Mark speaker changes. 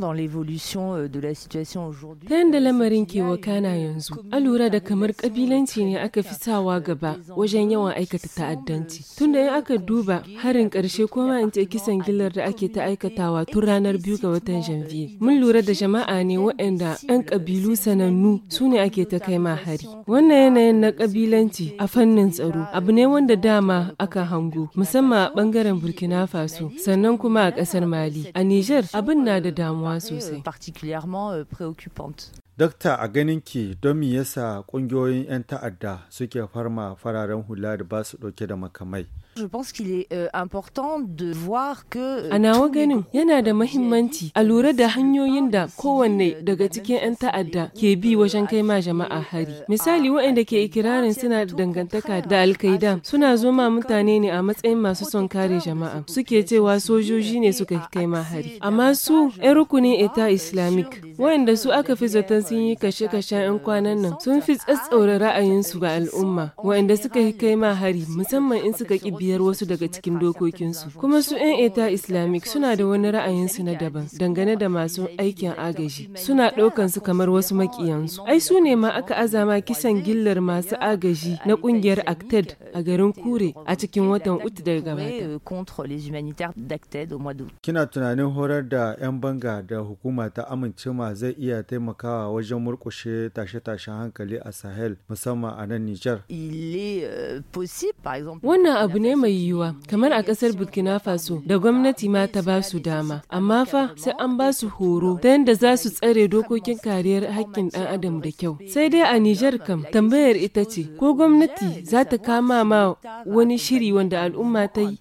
Speaker 1: dans l'évolution euh, de la situation aujourd'hui. Ta yanda lamarin ke wakana euh, yanzu, an lura da kamar kabilanci ne aka fi sawa euh, gaba wajen yawan aikata ta'addanci. Tunda in aka duba harin karshe ko in ce kisan gillar da ake ta aikatawa tun ranar biyu ga watan janvier. Mun lura da jama'a ne waɗanda 'yan kabilu sanannu su ne ake ta kai ma hari. Wannan yanayin na kabilanci a fannin tsaro abu ne wanda dama aka hango musamman a bangaren Burkina Faso sannan kuma a ƙasar Mali. A Nijar, abin na da damuwa Euh, c'est particulièrement euh, préoccupante.
Speaker 2: Dokta, a ganin ki don me yasa kungiyoyin 'yan ta'adda suke farma fararen hula da ba su ɗauke da makamai?
Speaker 1: Je pense qu'il est euh, important euh, A nawa ganin yana da mahimmanci a lura da hanyoyin da kowanne daga cikin 'yan ta'adda ke bi wajen kai ma jama'a hari. Euh, Misali waɗanda ke ikirarin suna da dangantaka da alkaida suna zoma mutane ne a matsayin masu son kare jama'a suke cewa sojoji ne suka kai ma hari. Amma su 'yan rukunin ita Islamic waɗanda su aka fi zaton sun yi kashe-kashen 'yan kwanan nan sun fi tsatsaura ra'ayinsu ga al'umma waɗanda suka yi kai ma hari musamman in suka ki biyar wasu daga cikin dokokinsu kuma su 'yan eta islamic suna da wani ra'ayinsu na daban dangane da masu aikin agaji suna ɗaukan su kamar wasu makiyansu ai su ne ma aka azama kisan gillar masu agaji na ƙungiyar acted a garin kure a cikin watan uku da gabata euh,
Speaker 2: kina tunanin horar da 'yan banga da hukuma ta amince zai iya taimakawa wajen murkushe tashe-tashen hankali a Sahel musamman a nan Nijar. Euh,
Speaker 1: Wannan abu ne mai yiwuwa kamar a ƙasar Burkina Faso da gwamnati ma ta ba su dama amma fa sai an ba su horo ta yadda za su tsare dokokin kariyar hakkin ɗan adam da kyau. Sai dai a Nijar kam tambayar ita ce ko gwamnati za ta kama ma wani shiri wanda al'umma ta yi.